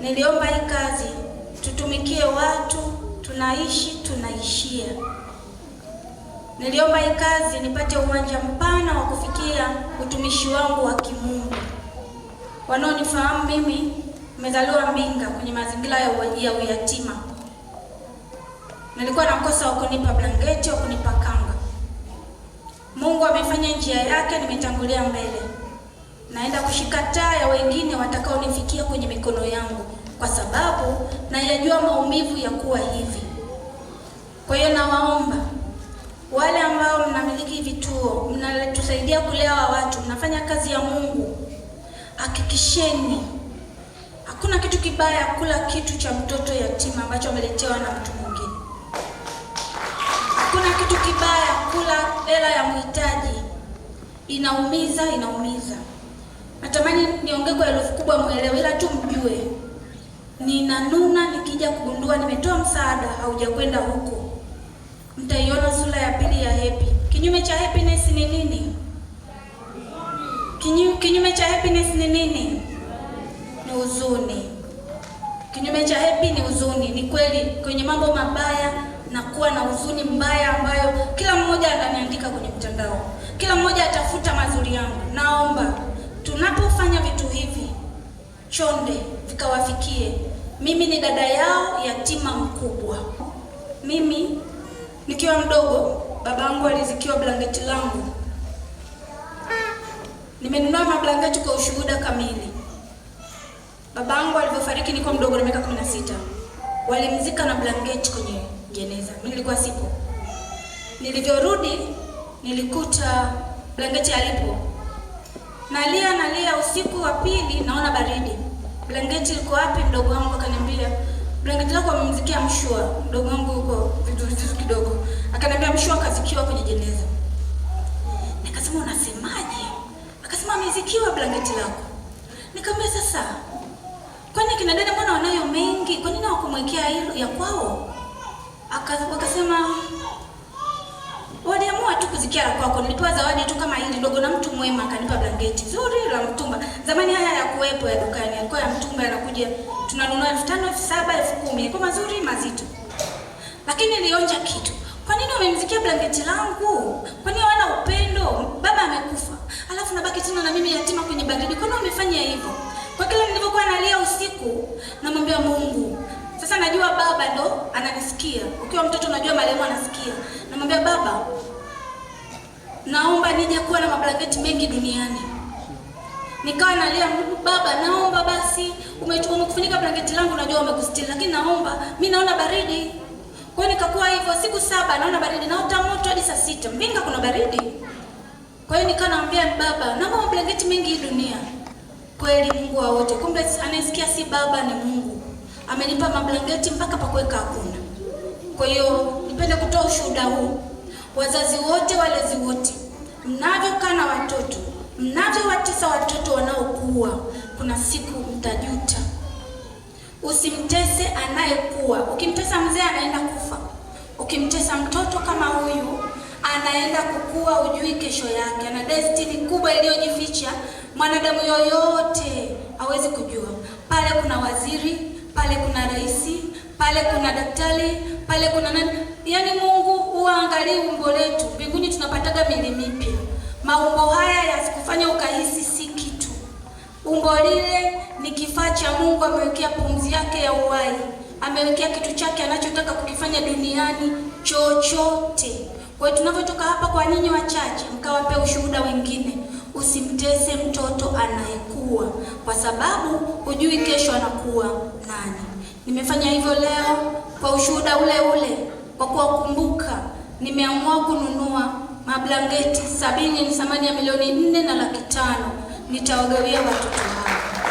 Niliomba hii kazi tutumikie watu tunaishi tunaishia. Niliomba hii kazi nipate uwanja mpana wa kufikia utumishi wangu wa kimungu. Wanaonifahamu mimi, nimezaliwa Mbinga kwenye mazingira ya uyatima. Nilikuwa nakosa wa kunipa blanketi, wa kunipa kanga. Mungu amefanya njia yake, nimetangulia mbele naenda kushika taa ya wengine watakaonifikia kwenye mikono yangu, kwa sababu nayajua maumivu ya kuwa hivi. Kwa hiyo nawaomba wale ambao mnamiliki vituo, mnatusaidia kulewa watu, mnafanya kazi ya Mungu, hakikisheni hakuna kitu kibaya kula kitu cha mtoto yatima ambacho ameletewa na mtu mwingine. Hakuna kitu kibaya kula hela ya mhitaji. Inaumiza, inaumiza. Natamani niongee kwa herufi kubwa mwelewe, ila tu mjue nina nuna nikija kugundua nimetoa msaada haujakwenda huko. Mtaiona sura ya pili ya happy. Kinyume cha happiness ni nini? Kinyu, kinyume cha happiness ni nini? Ni huzuni. Kinyume cha happy ni huzuni. Ni kweli kwenye mambo mabaya na kuwa na huzuni mbaya ambayo kila mmoja ananiandika kwenye mtandao, kila mmoja atafuta mazuri yangu chonde vikawafikie. Mimi ni dada yao yatima mkubwa. Mimi nikiwa mdogo, babangu alizikiwa blanketi langu. Nimenunua mablanketi kwa ushuhuda kamili. Babangu alivyofariki nilikuwa mdogo na miaka sita. Walimzika na blanketi kwenye jeneza. Mimi nilikuwa sipo. Nilivyorudi nilikuta blanketi alipo. Nalia nalia, usiku wa pili naona baridi blanketi liko wapi? Mdogo wangu akaniambia blanketi lako amemzikia mshua. Mdogo wangu huko vitu vizuri kidogo, akaniambia mshua kazikiwa kwenye jeneza. Nikasema unasemaje? Akasema amezikiwa blanketi lako. Nikamwambia sasa, kwani kina dada mbona wanayo mengi, kwa nini hawakumwekea hilo ya kwao? Akasema waliamua tu kuzikia kwako, nilipewa zawadi tu kama hili ndogo, na mtu mwema akanipa blanketi zuri Zamani haya ya kuwepo ya dukani, yalikuwa ya mtumba, yanakuja tunanunua elfu tano elfu saba elfu kumi yalikuwa mazuri mazito. Lakini nilionja kitu. Kwa nini wamemzikia blanketi langu? Kwa nini hawana upendo? Baba amekufa, alafu nabaki tena na mimi yatima kwenye baridi. Kwa nini wamefanya hivyo? Kwa kila nilivyokuwa nalia usiku, namwambia Mungu, sasa najua baba ndo ananisikia. Ukiwa mtoto unajua marehemu anasikia. Namwambia baba, naomba nije kuwa na mablanketi mengi duniani nikawa nalia, Mungu Baba, naomba basi, umechukua umekufunika blanketi langu, najua umekustiri, lakini naomba mi naona baridi. Kwa hiyo nikakuwa hivyo siku saba, naona baridi, naota moto hadi saa sita, Mbinga kuna baridi. Kwa hiyo nikawa naambia Baba, naomba mablanketi mengi hii dunia. Kweli Mungu wa wote, kumbe anayesikia si baba, ni Mungu amenipa mablanketi mpaka pakuweka hakuna. Kwa hiyo nipende kutoa ushuhuda huu, wazazi wote, walezi wote, mnavyokaa na watoto Tesa watoto wanaokuwa, kuna siku mtajuta. Usimtese anayekuwa. Ukimtesa mzee anaenda kufa, ukimtesa mtoto kama huyu anaenda kukua, ujui kesho yake ana destiny kubwa iliyojificha. Mwanadamu yoyote hawezi kujua. Pale kuna waziri, pale kuna rais, pale kuna daktari, pale kuna nani. Yaani Mungu huwaangalii umbo letu. Mbinguni tunapataga miili mipya. Maumbo haya yasikufanya ukahisi si kitu. Umbo lile ni kifaa cha Mungu, amewekea pumzi yake ya uhai, amewekea kitu chake anachotaka kukifanya duniani chochote. Kwa hiyo tunavyotoka hapa, kwa ninyi wachache, mkawape ushuhuda wengine. Usimtese mtoto anayekua, kwa sababu hujui kesho anakuwa nani. Nimefanya hivyo leo kwa ushuhuda ule ule, kwa kuwakumbuka, nimeamua kununua mablangeti sabini ni thamani ya milioni nne na laki tano nitawagawia watoto hao.